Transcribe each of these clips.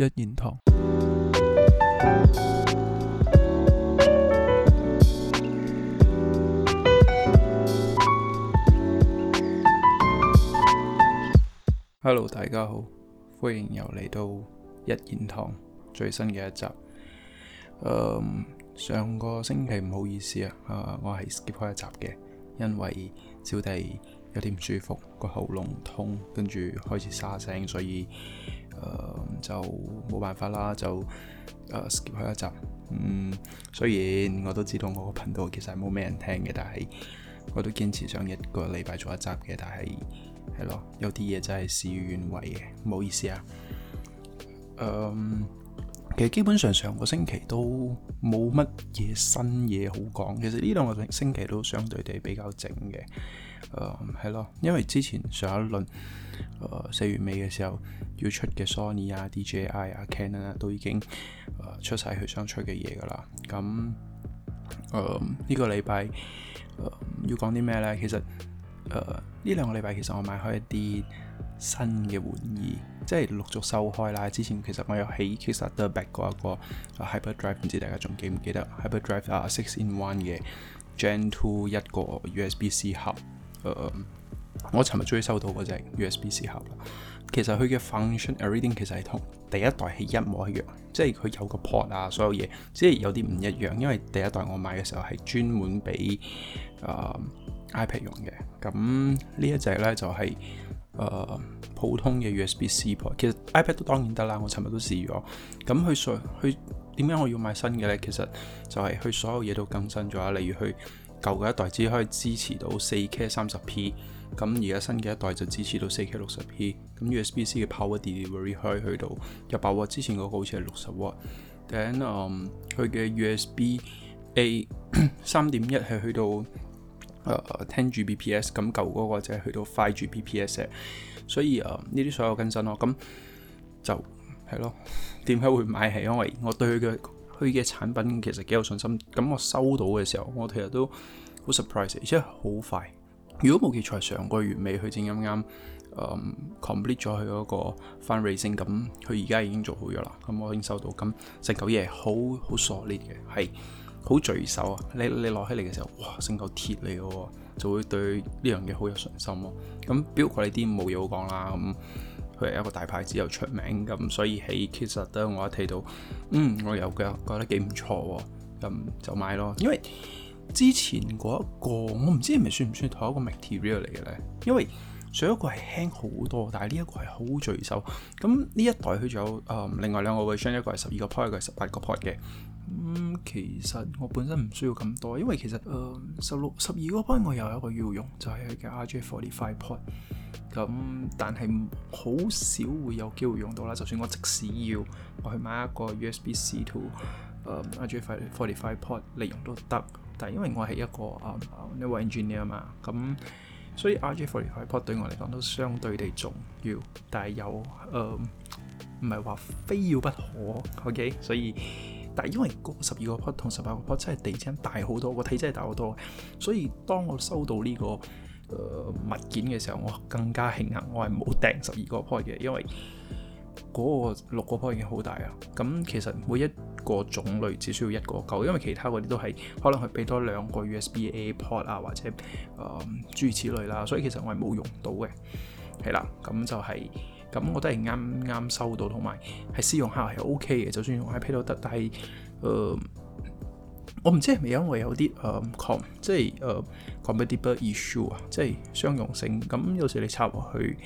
一言堂。Hello，大家好，歡迎又嚟到一言堂最新嘅一集。嗯，上個星期唔好意思啊，啊，我係 skip 開一集嘅，因為小弟。有啲唔舒服，個喉嚨痛，跟住開始沙聲，所以誒、呃、就冇辦法啦，就誒 skip 佢一集。嗯，雖然我都知道我個頻道其實冇咩人聽嘅，但係我都堅持上一個禮拜做一集嘅。但係係咯，有啲嘢真係事與願違嘅，唔好意思啊。誒、嗯，其實基本上上個星期都冇乜嘢新嘢好講。其實呢兩個星期都相對地比較靜嘅。誒係、嗯、咯，因為之前上一輪誒四、呃、月尾嘅時候要出嘅 Sony 啊、DJI 啊、Canon 啊都已經誒、呃、出晒佢想出嘅嘢噶啦。咁誒呢個禮拜誒、呃、要講啲咩呢？其實誒呢、呃、兩個禮拜其實我買開一啲新嘅玩意，即係陸續收開啦。之前其實我有起，其實 Kickstarter Back 過一個、啊、HyperDrive，唔知大家仲記唔記得 HyperDrive 啊 Six in One 嘅 Gen Two 一個 USB C 盒。誒，uh, 我尋日終於收到嗰隻 USB C 盒啦。其實佢嘅 function e d i n g 其實係同第一代係一模一樣，即係佢有個 port 啊，所有嘢即係有啲唔一樣。因為第一代我買嘅時候係專門俾誒、uh, iPad 用嘅，咁呢一隻呢，就係、是、誒、uh, 普通嘅 USB C port。其實 iPad 都當然得啦，我尋日都試咗。咁佢所佢點解我要買新嘅呢？其實就係佢所有嘢都更新咗啦，例如去。舊嘅一代只可以支持到四 K 三十 P，咁而家新嘅一代就支持到四 K 六十 P，咁 USB C 嘅 Power Delivery 可以去到一百瓦，之前嗰個好似係六十瓦，then 佢、um, 嘅 USB A 三點一係去到誒 ten、uh, Gbps，咁舊嗰個就係去到 five Gbps 嘅，所以誒呢啲所有更新咯，咁就係咯，點解會買係因為我對佢嘅。佢嘅產品其實幾有信心，咁我收到嘅時候，我其實都好 surprise 嘅，而且好快。如果冇記錯，係上個月尾佢正啱啱誒 complete 咗佢嗰個 fundraising，咁佢而家已經做好咗啦，咁我已經收到，咁成嚿嘢好好 solid 嘅，係好聚手啊！你你攞起嚟嘅時候，哇，成嚿鐵嚟嘅喎，就會對呢樣嘢好有信心咯。咁包括你啲冇嘢好講啦。佢係一個大牌子又出名咁，所以起其實咧，我一睇到，嗯，我有嘅，覺得幾唔錯喎，咁就買咯。因為之前嗰、那、一個，我唔知係咪算唔算同一個 material 嚟嘅咧？因為上一個係輕好多，但係呢一個係好聚手。咁呢一代佢仲有誒、呃、另外兩個 version，一個係十二個 port 一個係十八個 port 嘅。嗯，其實我本身唔需要咁多，因為其實誒十六、十、呃、二個 port 我又有一個要用，就係佢嘅 RJ forty five port 咁、嗯、但係好少會有機會用到啦。就算我即使要我去買一個 USB C to 誒、呃、RJ45 port 嚟用都得，但係因為我係一個 network engineer 嘛，咁、嗯、所以 RJ45 port 對我嚟講都相對地重要，但係又誒唔係話非要不可。OK，所以但係因為十二個 port 同十八個 port 真係地質大好多，個體積大好多，所以當我收到呢、這個。誒、呃，物件嘅時候我更加慶幸，我係冇訂十二個 port 嘅，因為嗰個六個 port 已經好大啦。咁其實每一個種類只需要一個夠，因為其他嗰啲都係可能係俾多兩個 USB A port 啊，或者誒諸、呃、如此類啦。所以其實我係冇用到嘅。係啦，咁就係、是、咁，我都係啱啱收到，同埋係試用下係 OK 嘅，就算用 iPad 都得。但係，誒、呃。我唔知係咪因為有啲誒、um, 即係誒、uh, compatible issue 啊，即係相容性。咁有時你插落去，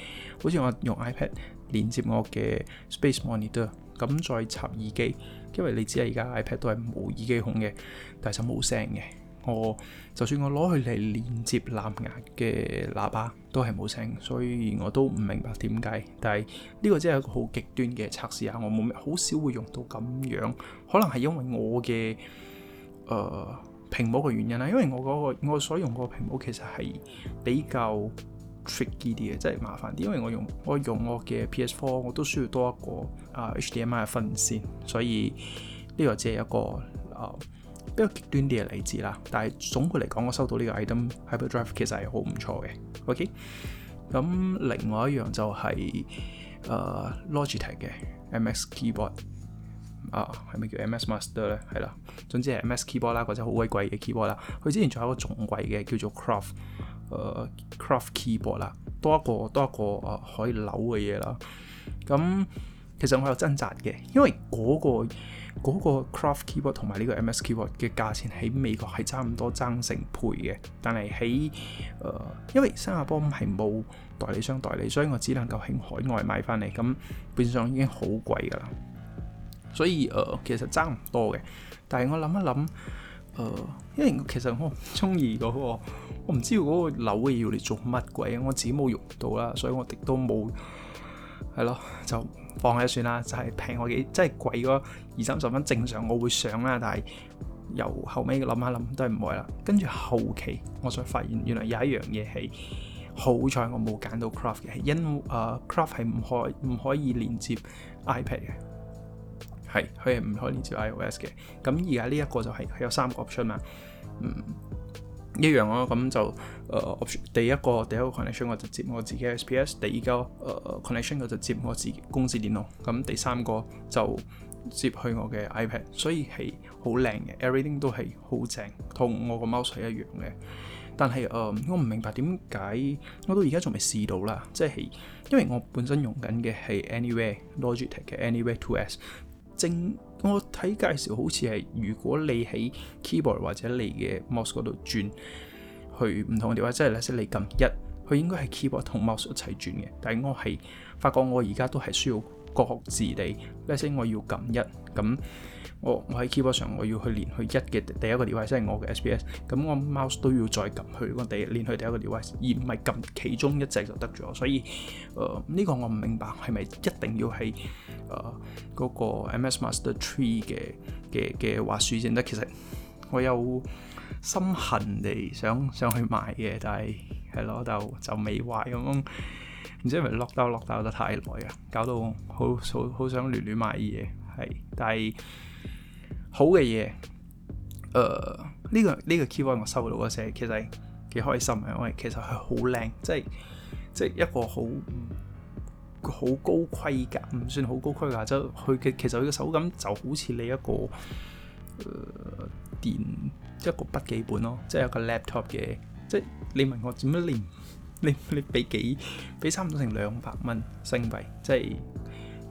好似我用 iPad 連接我嘅 Space Monitor，咁再插耳機，因為你知啊，而家 iPad 都係冇耳機孔嘅，但係就冇聲嘅。我就算我攞佢嚟連接藍牙嘅喇叭，都係冇聲。所以我都唔明白點解。但係呢個真係一個好極端嘅測試。下，我冇好少會用到咁樣，可能係因為我嘅。誒、uh, 屏幕嘅原因啦，因為我嗰、那個我所用嗰個屏幕其實係比較 tricky 啲嘅，即係麻煩啲。因為我用我用我嘅 PS Four，我都需要多一個啊、uh, HDMI 嘅分線，所以呢個只係一個啊、uh, 比較極端啲嘅例子啦。但係總括嚟講，我收到呢個 item HyperDrive 其實係好唔錯嘅。OK，咁另外一樣就係、是、誒、uh, Logitech 嘅 MX Keyboard。啊，係咪、uh, 叫 MX Master 咧？係啦，總之係 MX keyboard 啦，或者好鬼貴嘅 keyboard 啦。佢之前仲有一個仲貴嘅叫做 Craft、呃、Craft，誒 Craft keyboard 啦，多一個多一個、呃、可以扭嘅嘢啦。咁其實我有掙扎嘅，因為嗰、嗰個、嗰個、Craft keyboard 同埋呢個 MX keyboard 嘅價錢喺美國係差唔多爭成倍嘅。但係喺誒，因為新加坡係冇代理商代理，所以我只能夠喺海外買翻嚟，咁變相已經好貴噶啦。所以誒、呃，其實爭唔多嘅。但係我諗一諗，誒、呃，因為其實我唔中意嗰個，我唔知嗰個樓嘅要嚟做乜鬼。我自己冇用到啦，所以我亦都冇，係咯，就放喺算啦。就係平我幾，即係貴嗰二三十蚊正常，我會上啦。但係由後尾諗下諗都係唔會啦。跟住後期，我再發現原來有一樣嘢係好彩，我冇揀到 Craft 嘅，因誒、呃、Craft 係唔可唔可以連接 iPad 嘅。係，佢係唔可以連接 iOS 嘅。咁而家呢一個就係、是、佢有三個 option 嘛、嗯，一樣咯、啊。咁就誒，呃、ion，第一個第一個 connection 我就接我自己 S P S，第二個誒 connection 我就接我自己公司電腦。咁第三個就接去我嘅 iPad，所以係好靚嘅，everything 都係好正，同我個 mouse 係一樣嘅。但係誒、呃，我唔明白點解我到而家仲未試到啦，即、就、係、是、因為我本身用緊嘅係 Anywhere Logitech 嘅 Anywhere Two S。正我睇介紹好似係，如果你喺 keyboard 或者你嘅 mouse 嗰度轉去唔同嘅地方，即係你撳一，佢應該係 keyboard 同 mouse 一齊轉嘅。但係我係發覺我而家都係需要各自地，即係我要撳一咁。我我喺 keyboard 上我要去連去一嘅第一個 device，即係我嘅 SBS，咁我 mouse 都要再撳去個第連去第一個 device，而唔係撳其中一隻就得咗。所以，誒、呃、呢、呢個我唔明白係咪一定要喺誒嗰個 MX Master 3嘅嘅嘅滑鼠先得？其實我有心痕地想想去買嘅，但係係咯，就就未壞咁樣，唔知係咪 lockdown lockdown 得太耐啊，搞到好好好想亂亂買嘢，係，但係。好嘅嘢，誒、呃、呢、這個呢、這個 keyboard 我收到嗰時，其實幾開心嘅，因為其實係好靚，即係即係一個好好、嗯、高規格，唔算好高規格，即佢嘅其實佢嘅手感就好似你一個誒、呃、電一個筆記本咯，即係一個 laptop 嘅，即係你問我點樣連你你俾幾俾差唔多成兩百蚊新幣，即係。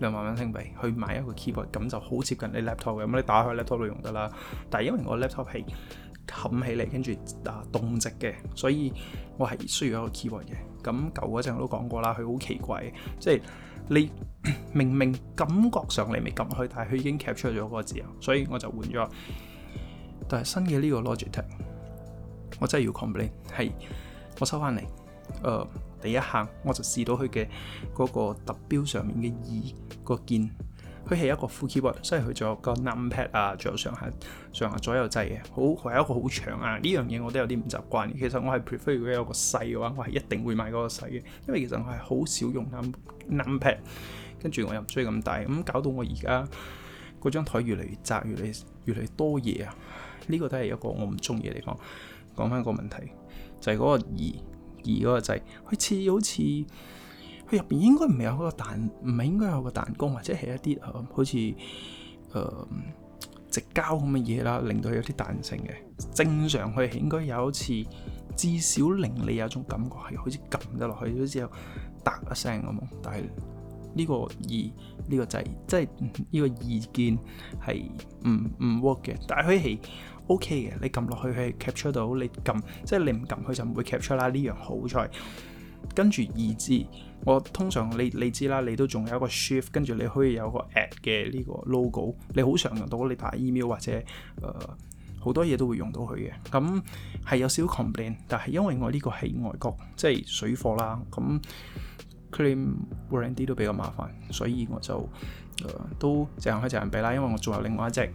慢慢升備去買一個 keyboard，咁就好接近你 laptop 嘅咁，你打開 laptop 都用得啦。但係因為我 laptop 係冚起嚟，跟住啊，動直嘅，所以我係需要一個 keyboard 嘅。咁舊嗰陣我都講過啦，佢好奇怪，即係你明明感覺上你未撳佢，但係佢已經 capture 咗嗰個字啊。所以我就換咗，但係新嘅呢個 Logitech，我真係要 complain，係我收翻嚟，誒、呃。第一下我就試到佢嘅嗰個特標上面嘅二個鍵，佢係一個 full keyboard，所以佢仲有個 num pad 啊，仲有上下、上下左右掣嘅，好佢係一個好長啊！呢樣嘢我都有啲唔習慣。其實我係 prefer 如果有個細嘅話，我係一定會買嗰個細嘅，因為其實我係好少用 num num pad，跟住我又唔中意咁大，咁搞到我而家嗰張台越嚟越窄，越嚟越嚟越多嘢啊！呢、這個都係一個我唔中意嘅地方。講翻個問題，就係、是、嗰個二。而嗰個掣，佢似好似佢入邊應該唔係有個彈，唔係應該有個彈弓，或者係一啲、呃、好似誒、呃、直膠咁嘅嘢啦，令到佢有啲彈性嘅。正常佢應該有一次至少令你有一種感覺係好似撳咗落去咗之後有嗒一聲咁，但係。呢個二呢、這個就係即係呢、這個二鍵係唔唔 work 嘅，但係佢係 OK 嘅。你撳落去佢係 capture 到你撳，即係你唔撳佢就唔會 capture 啦。呢、這、樣、個、好在。跟住二字，我通常你你知啦，你都仲有一個 shift，跟住你可以有個 at 嘅呢個 logo 你。你好常用到你打 email 或者誒好、呃、多嘢都會用到佢嘅。咁、嗯、係有少少 complain，但係因為我呢個係外國即係水貨啦，咁、嗯。Cream brand 啲都比較麻煩，所以我就、呃、都借開隻銀幣啦。因為我仲有另外一隻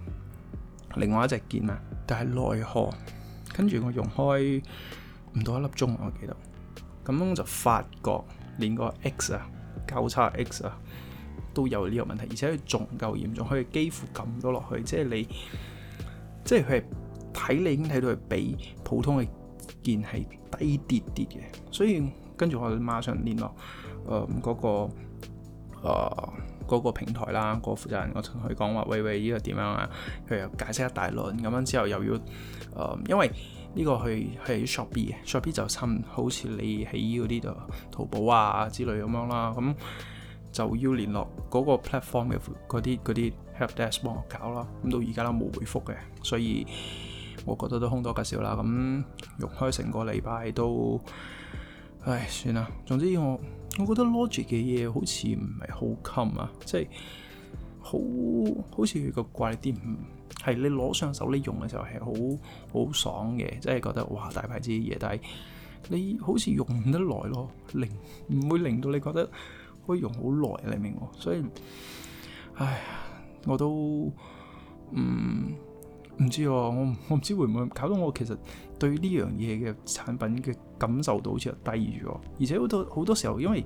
另外一隻鍵啊，但係奈何跟住我用開唔到一粒鐘，我記得咁就發覺連個 X 啊，交叉 X 啊都有呢個問題，而且佢仲夠嚴重，可以幾乎撳唔到落去。即係你即係佢係睇你已經睇到係比普通嘅鍵係低啲啲嘅，所以跟住我就馬上連落。誒嗰、um, 這個誒、呃這個、平台啦，這個負責人我同佢講話，喂喂，依、這個點樣啊？佢又解釋一大輪咁樣之後，又要誒、呃，因為呢個係係 Shopee 嘅 Shopee 就差唔多好似你喺嗰啲淘寶啊之類咁樣啦，咁就要聯絡嗰個 platform 嘅嗰啲啲 help desk 幫我搞啦。咁到而家都冇回覆嘅，所以我覺得都空多吉少啦。咁用開成個禮拜都唉算啦。總之我。我覺得 logic 嘅嘢好似唔係好襟啊，即係好好似佢個怪啲，唔係你攞上手你用嘅時候係好好爽嘅，即係覺得哇大牌子嘅嘢，但係你好似用唔得耐咯，令唔會令到你覺得可以用好耐，你明我，所以，唉，我都嗯。唔知我我唔知會唔會搞到我其實對呢樣嘢嘅產品嘅感受到好似又低咗，而且好多好多時候因為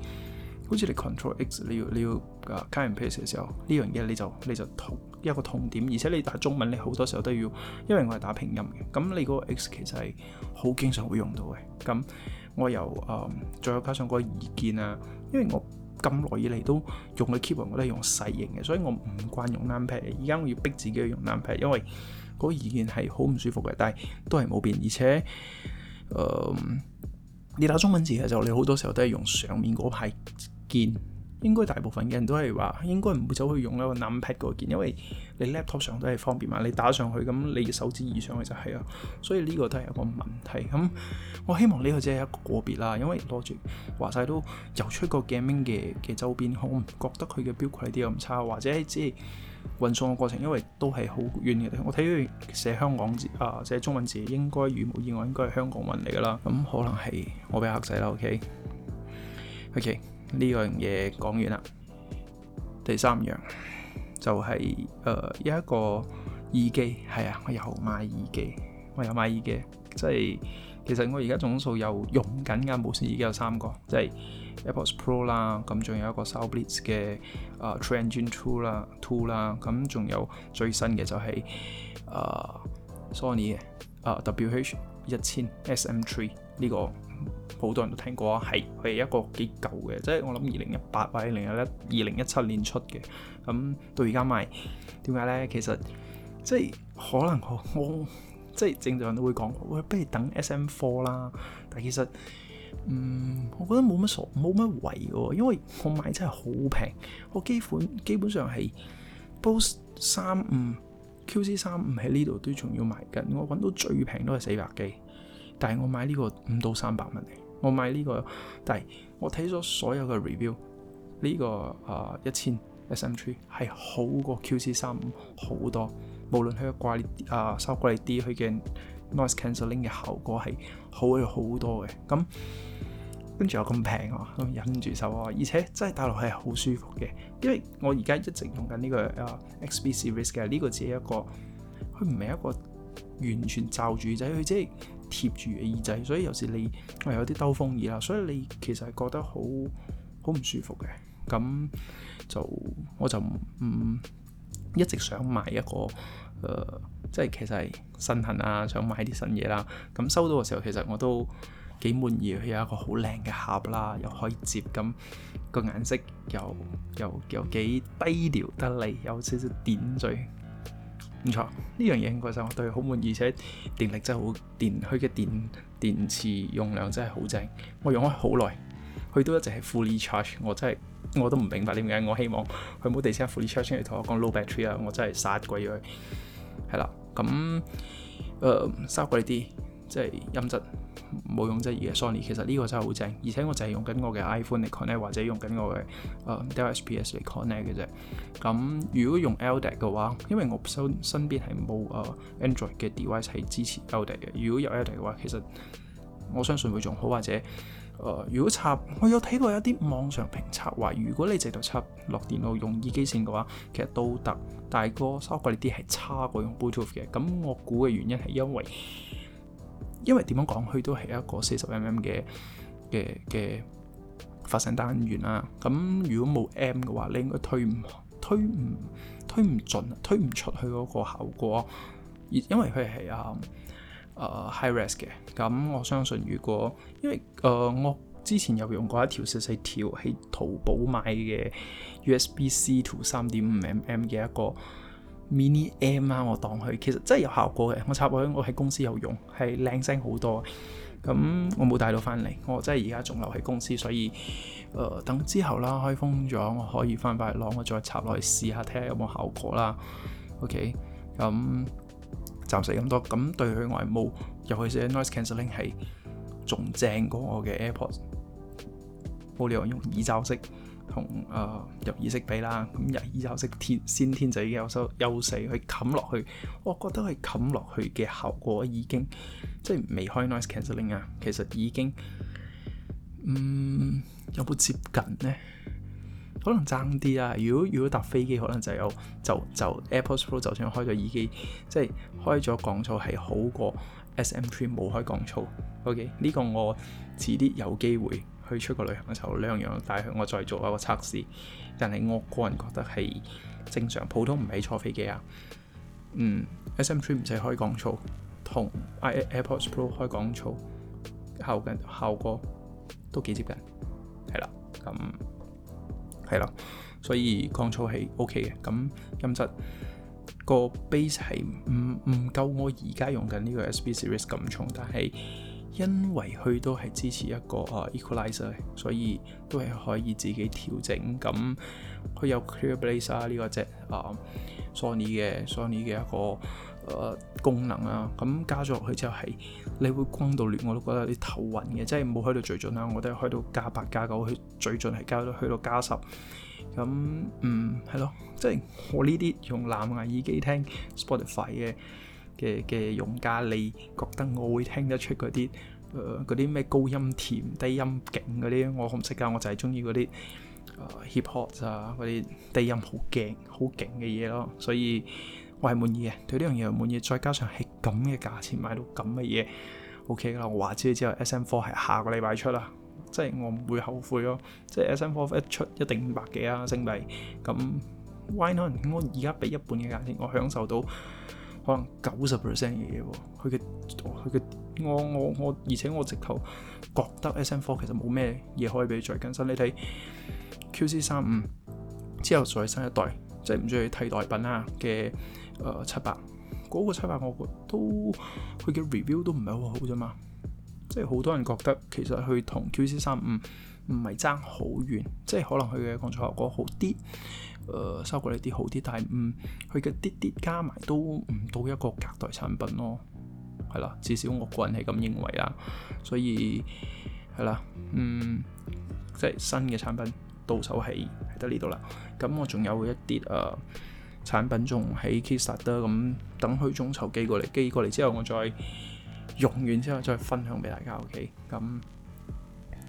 好似你 control X 你要你要啊 copy and paste 嘅時候呢樣嘢你就你就同一個痛點，而且你打中文你好多時候都要，因為我係打拼音嘅，咁你嗰個 X 其實係好經常會用到嘅。咁我由誒，再、呃、加上個意見啊，因為我咁耐以嚟都用嘅 keyboard 我都係用細型嘅，所以我唔慣用 number pad，而家我要逼自己去用 number pad，因為嗰意見係好唔舒服嘅，但係都係冇變，而且，誒、呃，你打中文字嘅時候，你好多時候都係用上面嗰排鍵，應該大部分嘅人都係話應該唔會走去用一個 num pad 個鍵，因為你 laptop 上都係方便嘛，你打上去咁你手指移上去就係啊，所以呢個都係一個問題。咁我希望呢個只係一個個別啦，因為 Logitech 話晒都有出過 gaming 嘅嘅周邊，我唔覺得佢嘅標配啲有咁差，或者即係。就是運送嘅過程，因為都係好遠嘅。我睇佢寫香港字，啊寫中文字，應該如無意外，應該係香港文嚟噶啦。咁、嗯、可能係我俾嚇仔啦。OK，OK，呢樣嘢講完啦。第三樣就係、是、誒、呃、一個耳機，係啊，我又買耳機，我又買耳機，即、就、係、是、其實我而家總數有用緊嘅無線耳機有三個，即、就、係、是。AirPods Pro 啦，咁仲有一個 Soul Blitz 嘅啊，Trend Jun Two 啦，Two 啦，咁、uh, 仲、uh, uh, 有最新嘅就係、是、啊、uh, Sony 啊、uh, WH 一千 XM3 呢個好多人都聽過啊，係佢一個幾舊嘅，即、就、係、是、我諗二零一八或者零一二零一七年出嘅，咁、嗯、到而家買點解咧？其實即係可能我，我即係正常人都會講，喂，不如等 XM Four 啦，但其實。嗯，我覺得冇乜所謂，冇乜為嘅，因為我買真係好平，我基本基本上係 Bose 三五、QC 三五喺呢度都仲要賣緊，我揾到最平都係四百幾，但係我買呢個唔到三百蚊，嚟。我買呢個，但係我睇咗所有嘅 review，呢個啊一千 XM3 係好過 QC 三五好多，無論佢係 quality 啊收 quality 啲嘅。Noise cancelling 嘅效果係好咗好多嘅，咁跟住又咁平啊，都忍唔住手啊！而且真係戴落係好舒服嘅，因為我而家一直用緊、這、呢個誒 XB series 嘅，呢、uh, 這個只係一個，佢唔係一個完全罩住耳仔，佢即係貼住耳仔，所以有時你係有啲兜風耳啦，所以你其實係覺得好好唔舒服嘅，咁就我就唔、um, 一直想買一個。誒，uh, 即係其實係身痕啊，想買啲新嘢啦。咁收到嘅時候，其實我都幾滿意，佢有一個好靚嘅盒啦，又可以接。咁、那個顏色又又又,又幾低調得嚟，有少少點綴，唔錯。呢樣嘢應該上我對佢好滿意，而且電力真係好電，佢嘅電電池用量真係好正。我用咗好耐，佢都一直係 fully charge。我真係我都唔明白點解，我希望佢冇地先 fully charge 先嚟同我講 low battery 啊，我真係殺鬼咗佢。係啦，咁誒收貴啲，即係音質冇用質疑嘅 Sony，其實呢個真係好正，而且我就係用緊我嘅 iPhone 嚟 connect，或者用緊我嘅誒、呃、Dell XPS 嚟 connect 嘅啫。咁如果用 LDAC 嘅話，因為我身身邊係冇誒 Android 嘅 device 係支持 LDAC 嘅，如果有 LDAC 嘅話，其實我相信會仲好或者。誒、呃，如果插我有睇過一啲網上評測話，如果你直頭插落電腦用耳機線嘅話，其實都得，但係個收呢啲，係差過用 Bluetooth 嘅。咁我估嘅原因係因為因為點樣講佢都係一個四十 mm 嘅嘅嘅發聲單元啦。咁如果冇 amp 嘅話，你應該推唔推唔推唔盡，推唔出去嗰個效果。因為佢係啊。誒、uh, high res 嘅，咁我相信如果，因為誒、uh, 我之前有用過一條小細條喺淘寶買嘅 USB C to 三點五 mm 嘅一個 mini M 啦，我當佢其實真係有效果嘅，我插落去，我喺公司有用，係靚聲好多。咁我冇帶到翻嚟，我真係而家仲留喺公司，所以誒、呃、等之後啦，開封咗我可以翻返去攞，我再插落去試下睇下有冇效果啦。OK，咁。暫時咁多，咁對佢外貌，尤其是 Noise Cancelling 係仲正過我嘅 AirPods。冇理由用耳罩式同啊入耳式比啦。咁入耳罩式天先天就已經有收優勢，去冚落去，我覺得佢冚落去嘅效果已經即係未開 Noise Cancelling 啊。其實已經嗯有冇接近呢？可能爭啲啦，如果如果搭飛機，可能就有就就 AirPods Pro 就算開咗耳機，即係開咗降噪係好過 XM3 冇開降噪。OK，呢個我遲啲有機會去出個旅行嘅時候兩樣，帶我再做一個測試。但係我個人覺得係正常普通唔使坐飛機啊。嗯，XM3 唔使開降噪，同 AirPods Pro 開降噪效嘅效果都幾接近，係啦，咁、嗯。嗯嗯係啦，所以降噪係 OK 嘅。咁音質個 bass 係唔唔夠我而家用緊呢個 SB Series 咁重，但係因為佢都係支持一個啊、uh, equalizer，所以都係可以自己調整。咁佢有 Clear Bass 呢個隻啊、uh, Sony 嘅 Sony 嘅一個。誒、呃、功能啊，咁、嗯、加咗落去之後係，你會轟到亂，我都覺得有啲頭暈嘅，即係冇開到最盡啦、啊，我都係開到加八加九去，最盡係加到去到加十、嗯，咁嗯係咯，即係我呢啲用藍牙耳機聽 Spotify 嘅嘅嘅用家，你覺得我會聽得出嗰啲誒嗰啲咩高音甜、低音勁嗰啲？我唔識㗎，我就係中意嗰啲 hip hop 啊，嗰啲低音好勁、好勁嘅嘢咯，所以。我係滿意嘅，對呢樣嘢係滿意，再加上係咁嘅價錢買到咁嘅嘢，OK 㗎啦。我話知之後，SM Four 係下個禮拜出啦，即係我唔會後悔咯。即係 SM Four 一出一定五百幾啊，星幣。咁 Why not？我而家俾一半嘅價錢，我享受到可能九十 percent 嘅嘢喎。佢嘅佢嘅我我我，而且我直頭覺得 SM Four 其實冇咩嘢可以俾你再更新。你睇 QC 三五之後再新一代。即係唔中意替代品啊嘅誒，七百嗰個七百，我覺得都佢嘅 review 都唔係好好啫嘛。即係好多人覺得其實佢同 QC 三五唔係爭好遠，即係可能佢嘅降噪效果好啲，誒、呃、收攰啲好啲，但係唔佢嘅啲啲加埋都唔到一個隔代產品咯，係啦，至少我個人係咁認為啦。所以係啦，嗯，即係新嘅產品。到手起，係得呢度啦，咁我仲有一啲誒、呃、產品仲喺 Kickstarter 啦，咁等佢眾籌寄過嚟，寄過嚟之後我再用完之後再分享俾大家，OK？咁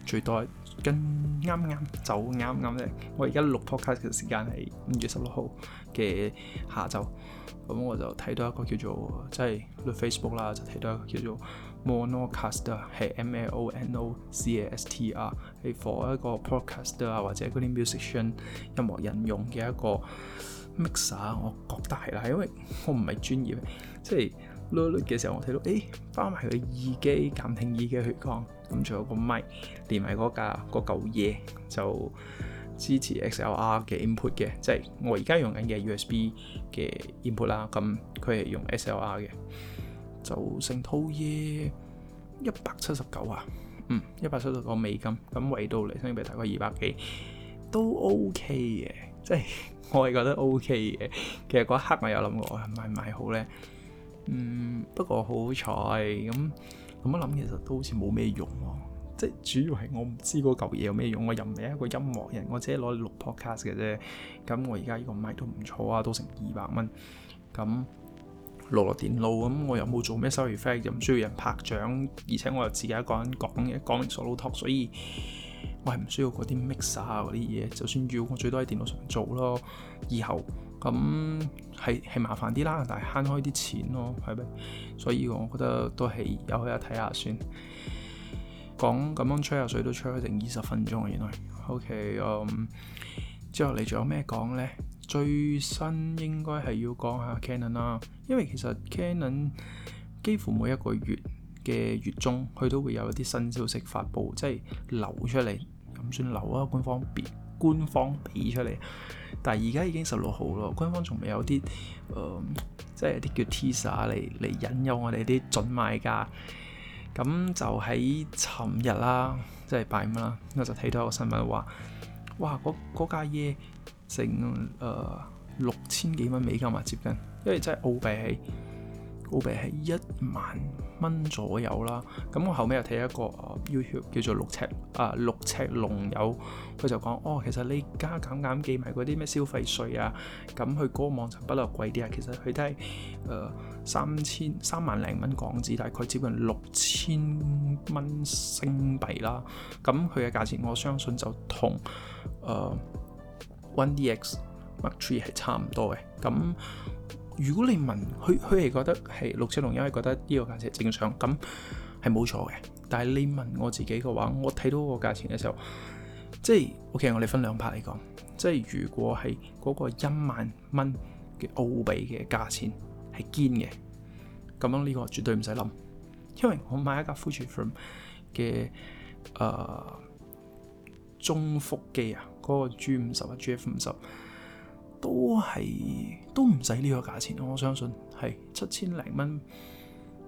最多跟啱啱就啱啱咧，我而家錄 podcast 嘅時間係五月十六號嘅下晝，咁我就睇到一個叫做即係 Facebook 啦，就睇到一個叫做。Monocaster 係 M-A-O-N-O-C-A-S-T 啊，係 for 一個 podcaster 啊或者嗰啲 musician 音樂人用嘅一個 mixer 我覺得係啦，因為我唔係專業，即係碌碌嘅時候我睇到，誒包埋佢耳機、監聽耳機、血缸，咁仲有個麥連埋嗰架嗰嚿嘢就支持 XLR 嘅 input 嘅，即係我而家用緊嘅 USB 嘅 input 啦，咁佢係用 XLR 嘅。就成套嘢一百七十九啊，嗯，一百七十九美金，咁位到嚟相比大概二百幾都 OK 嘅，即係我係覺得 OK 嘅。其實嗰一刻我有諗過，我買唔買好咧？嗯，不過好彩咁咁一諗，其實都好似冇咩用喎。即係主要係我唔知嗰嚿嘢有咩用。我又唔係一個音樂人，我只係攞嚟錄 podcast 嘅啫。咁我而家呢個麥都唔錯啊，都成二百蚊咁。落落電腦咁，我又冇做咩收 effect，又唔需要人拍掌，而且我又自己一個人講嘢，講嚟 solo talk，所以我係唔需要嗰啲 mixer 啊嗰啲嘢。就算要，我最多喺電腦上做咯。以後咁係係麻煩啲啦，但係慳開啲錢咯，係咪？所以我覺得都係有去一睇下先。講咁樣吹下水都吹咗成二十分鐘，原來。OK，um，之後你仲有咩講呢？最新應該係要講下 Canon 啦，因為其實 Canon 幾乎每一個月嘅月中，佢都會有一啲新消息發布，即係流出嚟，咁算流啊！官方俾，官方俾出嚟，但係而家已經十六號咯，官方仲未有啲，誒、呃，即係啲叫 TSA 嚟嚟引誘我哋啲準買家。咁就喺尋日啦，即係拜五啦，我就睇到個新聞話，哇！嗰嗰架嘢～成誒六千幾蚊美金啊，接近，因為真係澳幣係澳幣係一萬蚊左右啦。咁我後尾又睇一個、uh, YouTube 叫做六呎啊、呃、六呎龍友，佢就講哦、oh, 啊，其實你加減減記埋嗰啲咩消費稅啊，咁佢嗰個網就不嬲貴啲啊。其實佢都係誒三千三萬零蚊港紙，大概接近六千蚊星幣啦。咁佢嘅價錢，我相信就同誒。Uh, One DX Mark Three 係差唔多嘅。咁如果你問佢，佢係覺得係六七龍，龍因為覺得呢個價錢正常，咁係冇錯嘅。但係你問我自己嘅話，我睇到個價錢嘅時候，即係 OK，我哋分兩 part 嚟講，即係如果係嗰個一萬蚊嘅澳幣嘅價錢係堅嘅，咁樣呢個絕對唔使諗，因為我買一架 Fujifilm 嘅誒中幅機啊。嗰個 G 五十啊，GF 五十都係都唔使呢個價錢，我相信係七千零蚊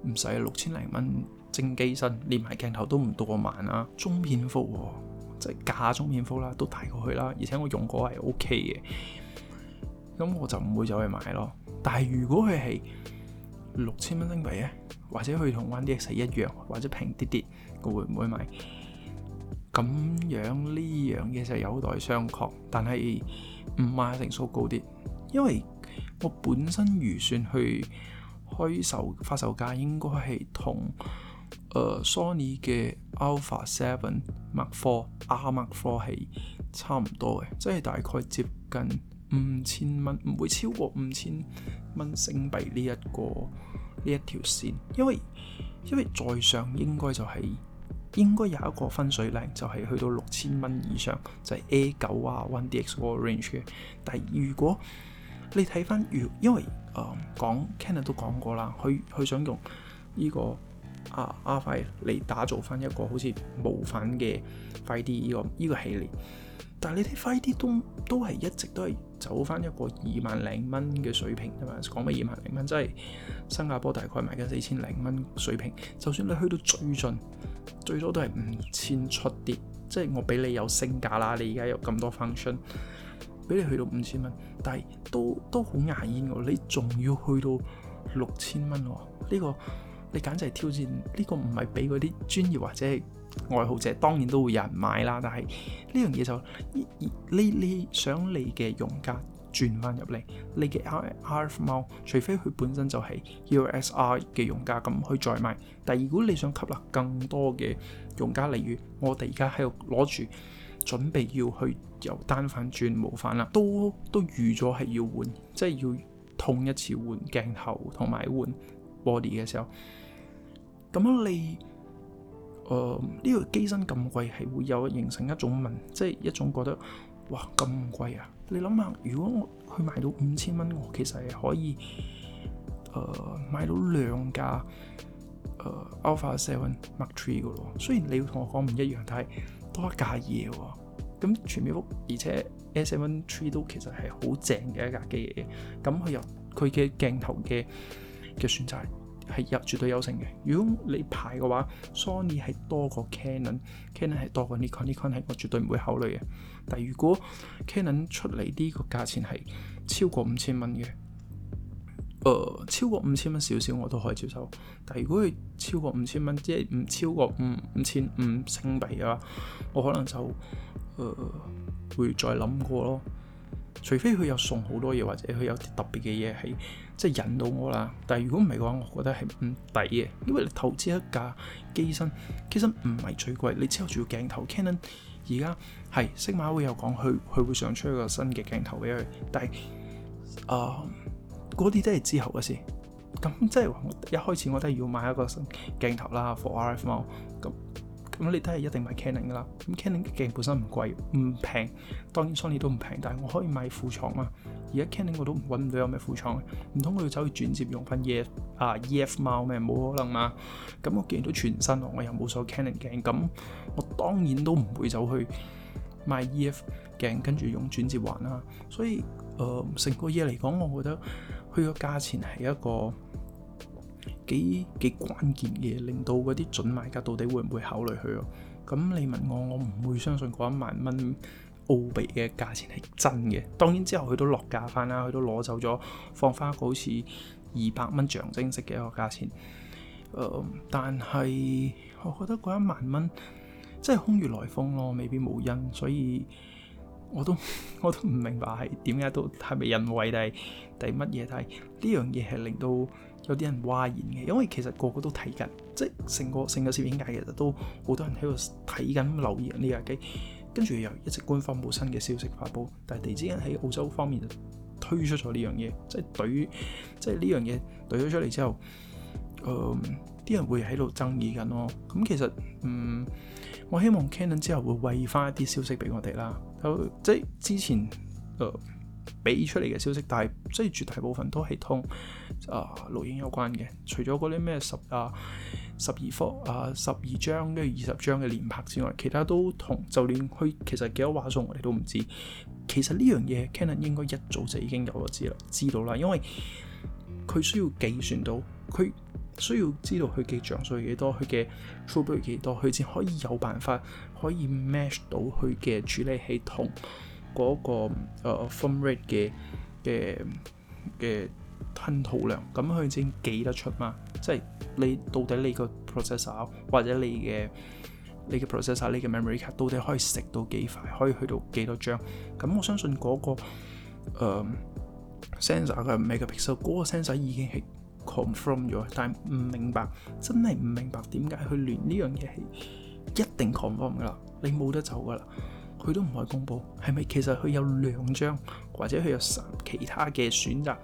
唔使六千零蚊，正機身連埋鏡頭都唔多個萬啦，中片幅即係假中片幅啦，都大過去啦，而且我用過係 OK 嘅，咁我就唔會走去買咯。但係如果佢係六千蚊拎幣咧，或者佢同 One D X 一樣，或者平啲啲，我會唔會買？咁樣呢樣嘢就有待商榷，但係唔買定數高啲，因為我本身預算去開售發售價應該係同 Sony 嘅、呃、Alpha Seven Mark Four、R Mark Four 係差唔多嘅，即、就、係、是、大概接近五千蚊，唔會超過五千蚊星幣呢、這、一個呢一條線，因為因為在上應該就係、是。應該有一個分水嶺，就係、是、去到六千蚊以上，就係、是、A 九啊、One D X w o r l d Range 嘅。但係如果你睇翻，如因為誒、呃、講 c a n n d a 都講過啦，佢佢想用依個 r 啊塊嚟打造翻一個好似模粉嘅快 D 呢、這個依、這個系列。但係呢啲快 D 都都係一直都係。走翻一個二萬零蚊嘅水平啫嘛，講緊二萬零蚊，即係新加坡大概賣緊四千零蚊水平。就算你去到最盡，最多都係五千出啲，即係我比你有升價啦。你而家有咁多 function，比你去到五千蚊，但係都都好牙煙㗎，你仲要去到六千蚊喎、哦？呢、這個你簡直係挑戰，呢、這個唔係比嗰啲專業或者係。愛好者當然都會有人買啦，但係呢樣嘢就呢呢想你嘅用家轉翻入嚟，你嘅 RF mount，除非佢本身就係 USR 嘅用家，咁佢再買。但如果你想吸納更多嘅用家，例如我哋而家喺度攞住準備要去由單反轉無反啦，都都預咗係要換，即係要痛一次換鏡頭同埋換 body 嘅時候，咁你。誒呢、呃這個機身咁貴，係會有形成一種問，即係一種覺得哇咁貴啊！你諗下，如果我去買到五千蚊，我其實係可以誒、呃、買到兩架誒、呃、Alpha Seven Mark Three 嘅咯。雖然你要同我講唔一樣，但係多一架嘢喎。咁全面幅，而且 S Seven Three 都其實係好正嘅一架機嘅。咁佢有佢嘅鏡頭嘅嘅選擇。係有絕對優勝嘅。如果你排嘅話，Sony 係多過 Canon，Canon 係多過尼康，尼康係我絕對唔會考慮嘅。但如果 Canon 出嚟啲個價錢係超過五千蚊嘅，誒、呃、超過五千蚊少少我都可以接受。但如果佢超過五千蚊，即係唔超過五五千五星幣嘅話，我可能就誒、呃、會再諗過咯。除非佢有送好多嘢，或者佢有啲特別嘅嘢係。即係引到我啦，但係如果唔係嘅話，我覺得係唔抵嘅，因為你投資一架機身，機身唔係最貴，你之後仲要鏡頭。Canon 而家係 Sigma 會有講，佢佢會想出一個新嘅鏡頭俾佢，但係啊，嗰、呃、啲都係之後嘅事。咁即係話，我一開始我都係要買一個新鏡頭啦，for RF mount 咁。咁你都係一定買 Canon 噶啦，咁 Canon 嘅鏡本身唔貴唔平，當然 Sony 都唔平，但係我可以買副廠啊。而家 Canon 我都唔揾唔到有咩副廠，唔通我要走去轉接用返 E F, 啊 EF 貓咩？冇、e、可能嘛。咁我既然都全新，我又冇買 Canon 鏡，咁我當然都唔會走去買 EF 鏡跟住用轉接環啦。所以誒，成、呃、個嘢嚟講，我覺得佢個價錢係一個幾幾關鍵嘅，令到嗰啲準買家到底會唔會考慮佢？咁你問我，我唔會相信嗰一萬蚊澳幣嘅價錢係真嘅。當然之後佢都落價翻啦，佢都攞走咗，放翻好似二百蚊象徵式嘅一個價錢。呃，但係我覺得嗰一萬蚊即係空穴來風咯，未必冇因，所以。我都我都唔明白係點解都係咪人為定係乜嘢？但係呢樣嘢係令到有啲人嘩然嘅，因為其實個個都睇緊，即係成個成個攝影界其實都好多人喺度睇緊留意呢架機，跟住又一直官方冇新嘅消息發布，但係突然之間喺澳洲方面就推出咗呢樣嘢，即係對即係呢樣嘢對咗出嚟之後，誒、呃、啲人會喺度爭議緊咯。咁、嗯、其實嗯。我希望 Canon 之後會餵返一啲消息俾我哋啦，呃、即係之前呃俾出嚟嘅消息，但係即係絕大部分都係同啊錄影有關嘅，除咗嗰啲咩十啊十二幅啊十二張跟住二十張嘅連拍之外，其他都同，就連佢其實幾多畫素我哋都唔知。其實呢樣嘢 Canon 應該一早就已經有咗知啦，知道啦，因為佢需要計算到佢。需要知道佢嘅像素幾多，佢嘅分辨率幾多，佢先可以有辦法可以 match 到佢嘅處理器同嗰個誒誒 frame rate 嘅嘅嘅吞吐量，咁佢先記得出嘛。即係你到底你個 processor 或者你嘅你嘅 processor、你嘅 memory 卡到底可以食到幾快，可以去到幾多張。咁我相信嗰個誒誒 sensor 嘅 megapixel 嗰個 sensor、呃、已經係。confirm 咗，但唔明白，真係唔明白點解佢連呢樣嘢係一定 confirm 噶啦，你冇得走噶啦，佢都唔可以公布。係咪其實佢有兩張，或者佢有其他嘅選擇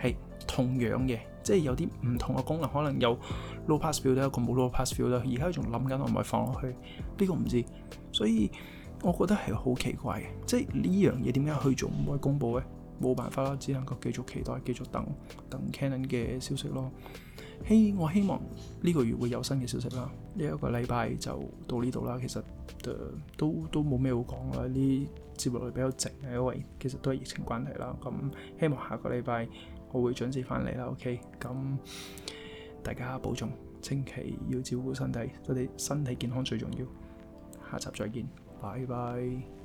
係同樣嘅，即係有啲唔同嘅功能，可能有 low pass filter 有一個冇 low pass filter，而家仲諗緊我唔咪放落去呢、呢個唔知，所以我覺得係好奇怪嘅，即係呢樣嘢點解去做唔可以公布呢？冇辦法啦，只能夠繼續期待、繼續等等 Canon 嘅消息咯。希、hey, 我希望呢個月會有新嘅消息啦。呢、這、一個禮拜就到呢度啦。其實、uh, 都都冇咩好講啦。呢接落嚟比較靜嘅，因為其實都係疫情關係啦。咁希望下個禮拜我會準時翻嚟啦。OK，咁大家保重，千祈要照顧身體，我哋身體健康最重要。下集再見，拜拜。